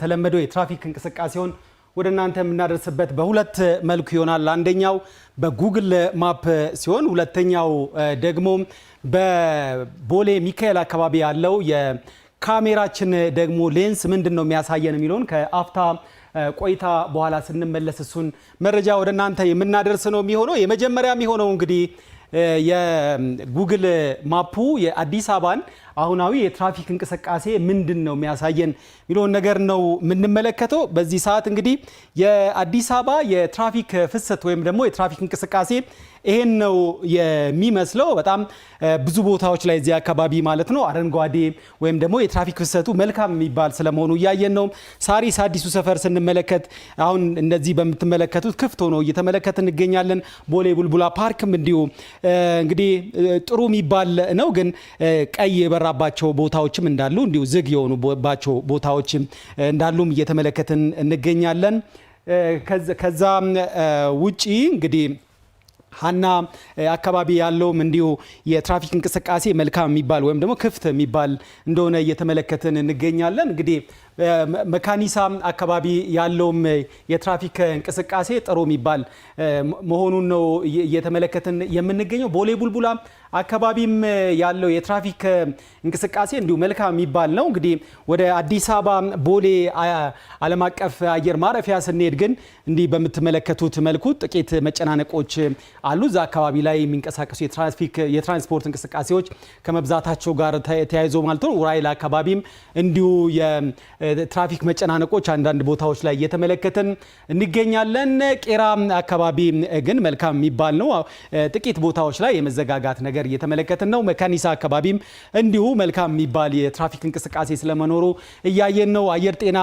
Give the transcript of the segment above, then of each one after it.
ተለመደው የትራፊክ እንቅስቃሴውን ወደ እናንተ የምናደርስበት በሁለት መልኩ ይሆናል። አንደኛው በጉግል ማፕ ሲሆን ሁለተኛው ደግሞ በቦሌ ሚካኤል አካባቢ ያለው የካሜራችን ደግሞ ሌንስ ምንድን ነው የሚያሳየን የሚለውን ከአፍታ ቆይታ በኋላ ስንመለስ እሱን መረጃ ወደ እናንተ የምናደርስ ነው የሚሆነው የመጀመሪያ የሚሆነው እንግዲህ የጉግል ማፑ የአዲስ አበባን አሁናዊ የትራፊክ እንቅስቃሴ ምንድን ነው የሚያሳየን የሚለውን ነገር ነው የምንመለከተው። በዚህ ሰዓት እንግዲህ የአዲስ አበባ የትራፊክ ፍሰት ወይም ደግሞ የትራፊክ እንቅስቃሴ ይሄን ነው የሚመስለው። በጣም ብዙ ቦታዎች ላይ እዚህ አካባቢ ማለት ነው አረንጓዴ ወይም ደግሞ የትራፊክ ፍሰቱ መልካም የሚባል ስለመሆኑ እያየን ነው። ሳሪስ አዲሱ ሰፈር ስንመለከት አሁን እንደዚህ በምትመለከቱት ክፍት ሆኖ እየተመለከት እንገኛለን። ቦሌ ቡልቡላ ፓርክም እንዲሁ እንግዲህ ጥሩ የሚባል ነው፣ ግን ቀይ የበራባቸው ቦታዎችም እንዳሉ እንዲሁ ዝግ የሆኑባቸው ቦታዎችም እንዳሉም እየተመለከትን እንገኛለን። ከዛ ውጪ እንግዲህ ሀና አካባቢ ያለውም እንዲሁ የትራፊክ እንቅስቃሴ መልካም የሚባል ወይም ደግሞ ክፍት የሚባል እንደሆነ እየተመለከትን እንገኛለን። እንግዲህ መካኒሳ አካባቢ ያለውም የትራፊክ እንቅስቃሴ ጥሩ የሚባል መሆኑን ነው እየተመለከትን የምንገኘው። ቦሌ ቡልቡላ አካባቢም ያለው የትራፊክ እንቅስቃሴ እንዲሁ መልካም የሚባል ነው። እንግዲህ ወደ አዲስ አበባ ቦሌ ዓለም አቀፍ አየር ማረፊያ ስንሄድ ግን እንዲህ በምትመለከቱት መልኩ ጥቂት መጨናነቆች አሉ። እዛ አካባቢ ላይ የሚንቀሳቀሱ የትራንስፖርት እንቅስቃሴዎች ከመብዛታቸው ጋር ተያይዞ ማለት ነው። ራይል አካባቢም እንዲሁ ትራፊክ መጨናነቆች አንዳንድ ቦታዎች ላይ እየተመለከትን እንገኛለን። ቄራ አካባቢ ግን መልካም የሚባል ነው። ጥቂት ቦታዎች ላይ የመዘጋጋት ነገር እየተመለከትን ነው። መካኒሳ አካባቢም እንዲሁ መልካም የሚባል የትራፊክ እንቅስቃሴ ስለመኖሩ እያየን ነው። አየር ጤና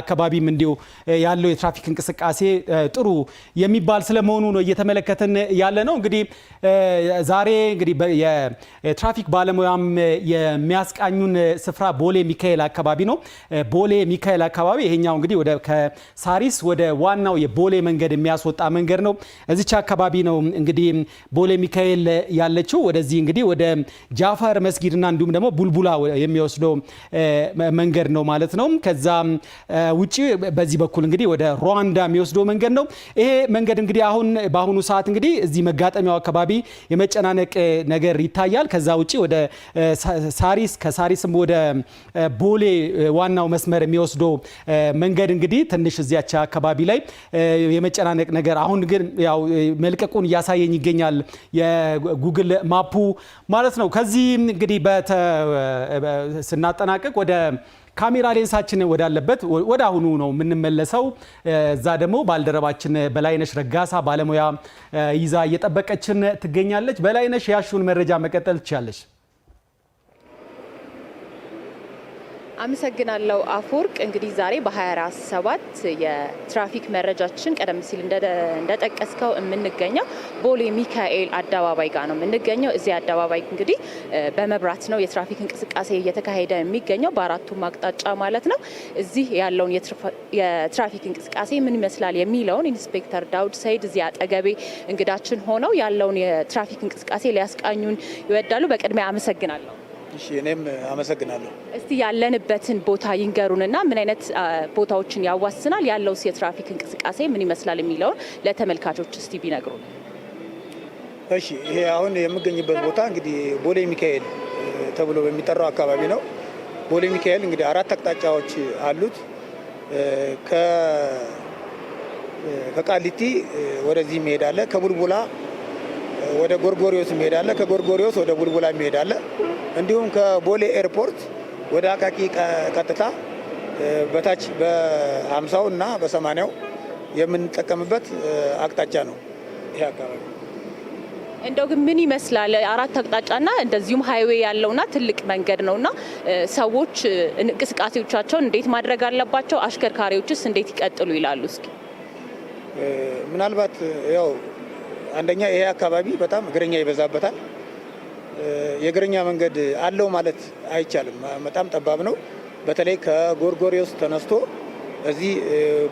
አካባቢም እንዲሁ ያለው የትራፊክ እንቅስቃሴ ጥሩ የሚባል ስለመሆኑ ነው እየተመለከትን ያለ ነው። እንግዲህ ዛሬ እንግዲህ የትራፊክ ባለሙያም የሚያስቃኙን ስፍራ ቦሌ ሚካኤል አካባቢ ነው። ቦሌ ሚካኤል አካባቢ ይሄኛው እንግዲህ ወደ ከሳሪስ ወደ ዋናው የቦሌ መንገድ የሚያስወጣ መንገድ ነው። እዚች አካባቢ ነው እንግዲህ ቦሌ ሚካኤል ያለችው። ወደዚህ እንግዲህ ወደ ጃፋር መስጊድና እንዲሁም ደግሞ ቡልቡላ የሚወስደው መንገድ ነው ማለት ነው። ከዛ ውጪ በዚህ በኩል እንግዲህ ወደ ሩዋንዳ የሚወስደው መንገድ ነው። ይሄ መንገድ እንግዲህ አሁን በአሁኑ ሰዓት እንግዲህ እዚህ መጋጠሚያው አካባቢ የመጨናነቅ ነገር ይታያል። ከዛ ውጪ ወደ ሳሪስ ከሳሪስም ወደ ቦሌ ዋናው መስመር የሚወስደው መንገድ እንግዲህ ትንሽ እዚያች አካባቢ ላይ የመጨናነቅ ነገር አሁን ግን ያው መልቀቁን እያሳየኝ ይገኛል የጉግል ማፑ ማለት ነው። ከዚህ እንግዲህ ስናጠናቀቅ ወደ ካሜራ ሌንሳችን ወዳለበት ወደ አሁኑ ነው የምንመለሰው። እዛ ደግሞ ባልደረባችን በላይነሽ ረጋሳ ባለሙያ ይዛ እየጠበቀችን ትገኛለች። በላይነሽ ያሹን መረጃ መቀጠል ትችላለች። አመሰግናለሁ አፈወርቅ። እንግዲህ ዛሬ በ 24 ሰባት የትራፊክ መረጃችን ቀደም ሲል እንደጠቀስከው የምንገኘው ቦሌ ሚካኤል አደባባይ ጋር ነው የምንገኘው። እዚህ አደባባይ እንግዲህ በመብራት ነው የትራፊክ እንቅስቃሴ እየተካሄደ የሚገኘው በአራቱም አቅጣጫ ማለት ነው። እዚህ ያለውን የትራፊክ እንቅስቃሴ ምን ይመስላል የሚለውን ኢንስፔክተር ዳውድ ሰይድ እዚህ አጠገቤ እንግዳችን ሆነው ያለውን የትራፊክ እንቅስቃሴ ሊያስቃኙን ይወዳሉ። በቅድሚያ አመሰግናለሁ። እኔም አመሰግናለሁ። እስቲ ያለንበትን ቦታ ይንገሩንና ምን አይነት ቦታዎችን ያዋስናል፣ ያለው የትራፊክ እንቅስቃሴ ምን ይመስላል የሚለውን ለተመልካቾች እስቲ ቢነግሩን። እሺ፣ ይሄ አሁን የምገኝበት ቦታ እንግዲህ ቦሌ ሚካኤል ተብሎ በሚጠራው አካባቢ ነው። ቦሌ ሚካኤል እንግዲህ አራት አቅጣጫዎች አሉት። ከቃሊቲ ወደዚህ መሄድ አለ። ከቡልቡላ ወደ ጎርጎሪዎስ የሚሄዳለ፣ ከጎርጎሪዎስ ወደ ቡልቡላ የሚሄዳለ፣ እንዲሁም ከቦሌ ኤርፖርት ወደ አቃቂ ቀጥታ በታች በሀምሳው እና በሰማንያው የምንጠቀምበት አቅጣጫ ነው ይሄ አካባቢ። እንደው ግን ምን ይመስላል? አራት አቅጣጫና እንደዚሁም ሀይዌ ያለውና ትልቅ መንገድ ነውና ሰዎች እንቅስቃሴዎቻቸውን እንዴት ማድረግ አለባቸው? አሽከርካሪዎችስ እንዴት ይቀጥሉ ይላሉ? እስኪ ምናልባት ያው አንደኛ ይሄ አካባቢ በጣም እግረኛ ይበዛበታል። የእግረኛ መንገድ አለው ማለት አይቻልም። በጣም ጠባብ ነው። በተለይ ከጎርጎሪዎስ ተነስቶ እዚህ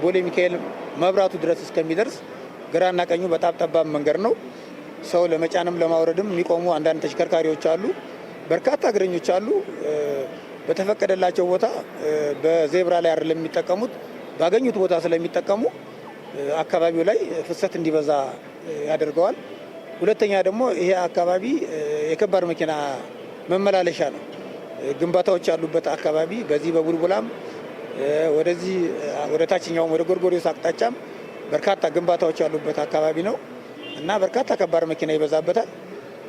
ቦሌ ሚካኤል መብራቱ ድረስ እስከሚደርስ ግራና ቀኙ በጣም ጠባብ መንገድ ነው። ሰው ለመጫንም ለማውረድም የሚቆሙ አንዳንድ ተሽከርካሪዎች አሉ። በርካታ እግረኞች አሉ። በተፈቀደላቸው ቦታ በዜብራ ላይ አይደለም የሚጠቀሙት፣ ባገኙት ቦታ ስለሚጠቀሙ አካባቢው ላይ ፍሰት እንዲበዛ ያደርገዋል። ሁለተኛ ደግሞ ይሄ አካባቢ የከባድ መኪና መመላለሻ ነው። ግንባታዎች ያሉበት አካባቢ በዚህ በቡልቡላም ወደዚህ ወደ ታችኛውም ወደ ጎርጎሪዎስ አቅጣጫም በርካታ ግንባታዎች ያሉበት አካባቢ ነው እና በርካታ ከባድ መኪና ይበዛበታል።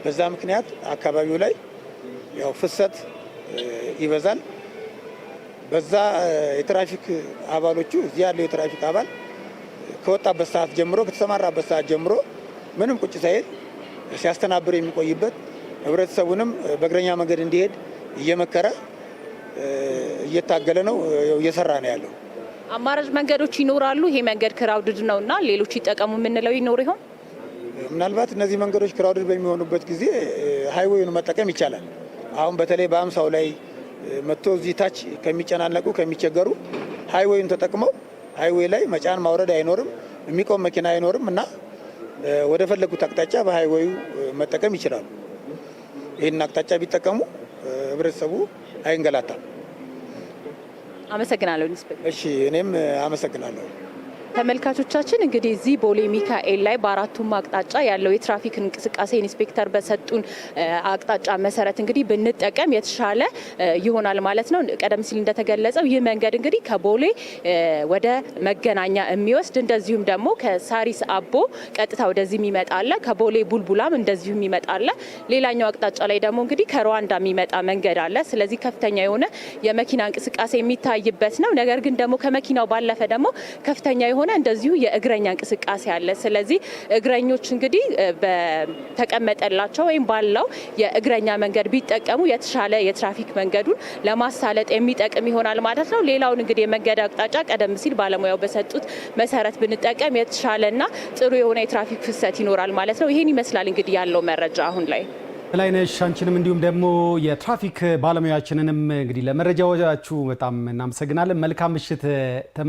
በዛ ምክንያት አካባቢው ላይ ያው ፍሰት ይበዛል። በዛ የትራፊክ አባሎቹ እዚህ ያለው የትራፊክ አባል ከወጣበት ሰዓት ጀምሮ ከተሰማራበት ሰዓት ጀምሮ ምንም ቁጭ ሳይል ሲያስተናብር የሚቆይበት ህብረተሰቡንም በእግረኛ መንገድ እንዲሄድ እየመከረ እየታገለ ነው እየሰራ ነው ያለው። አማራጭ መንገዶች ይኖራሉ። ይሄ መንገድ ክራውድድ ነው እና ሌሎች ይጠቀሙ የምንለው ይኖር ይሆን? ምናልባት እነዚህ መንገዶች ክራውድድ በሚሆኑበት ጊዜ ሀይዌውን መጠቀም ይቻላል። አሁን በተለይ በአምሳው ላይ መጥቶ እዚህ ታች ከሚጨናነቁ ከሚቸገሩ ሀይዌውን ተጠቅመው ሀይዌ ላይ መጫን ማውረድ አይኖርም፣ የሚቆም መኪና አይኖርም እና ወደ ፈለጉት አቅጣጫ በሀይዌዩ መጠቀም ይችላሉ። ይህን አቅጣጫ ቢጠቀሙ ህብረተሰቡ አይንገላታም። አመሰግናለሁ። እሺ፣ እኔም አመሰግናለሁ። ተመልካቾቻችን እንግዲህ እዚህ ቦሌ ሚካኤል ላይ በአራቱም አቅጣጫ ያለው የትራፊክ እንቅስቃሴ ኢንስፔክተር በሰጡን አቅጣጫ መሰረት እንግዲህ ብንጠቀም የተሻለ ይሆናል ማለት ነው። ቀደም ሲል እንደተገለጸው ይህ መንገድ እንግዲህ ከቦሌ ወደ መገናኛ የሚወስድ እንደዚሁም ደግሞ ከሳሪስ አቦ ቀጥታ ወደዚህ አለ ከቦሌ ቡልቡላም እንደዚሁ የሚመጣለ፣ ሌላኛው አቅጣጫ ላይ ደግሞ እንግዲህ ከሩዋንዳ የሚመጣ መንገድ አለ። ስለዚህ ከፍተኛ የሆነ የመኪና እንቅስቃሴ የሚታይበት ነው። ነገር ግን ደግሞ ከመኪናው ባለፈ ደግሞ ከፍተኛ የሆነ ሆነ እንደዚሁ የእግረኛ እንቅስቃሴ አለ። ስለዚህ እግረኞች እንግዲህ በተቀመጠላቸው ወይም ባለው የእግረኛ መንገድ ቢጠቀሙ የተሻለ የትራፊክ መንገዱን ለማሳለጥ የሚጠቅም ይሆናል ማለት ነው። ሌላውን እንግዲህ የመንገድ አቅጣጫ ቀደም ሲል ባለሙያው በሰጡት መሰረት ብንጠቀም የተሻለና ጥሩ የሆነ የትራፊክ ፍሰት ይኖራል ማለት ነው። ይህን ይመስላል እንግዲህ ያለው መረጃ አሁን ላይ ላይነሽ አንቺንም እንዲሁም ደግሞ የትራፊክ ባለሙያችንንም እንግዲህ ለመረጃዎቻችሁ በጣም እናመሰግናለን። መልካም ምሽት ተመኝ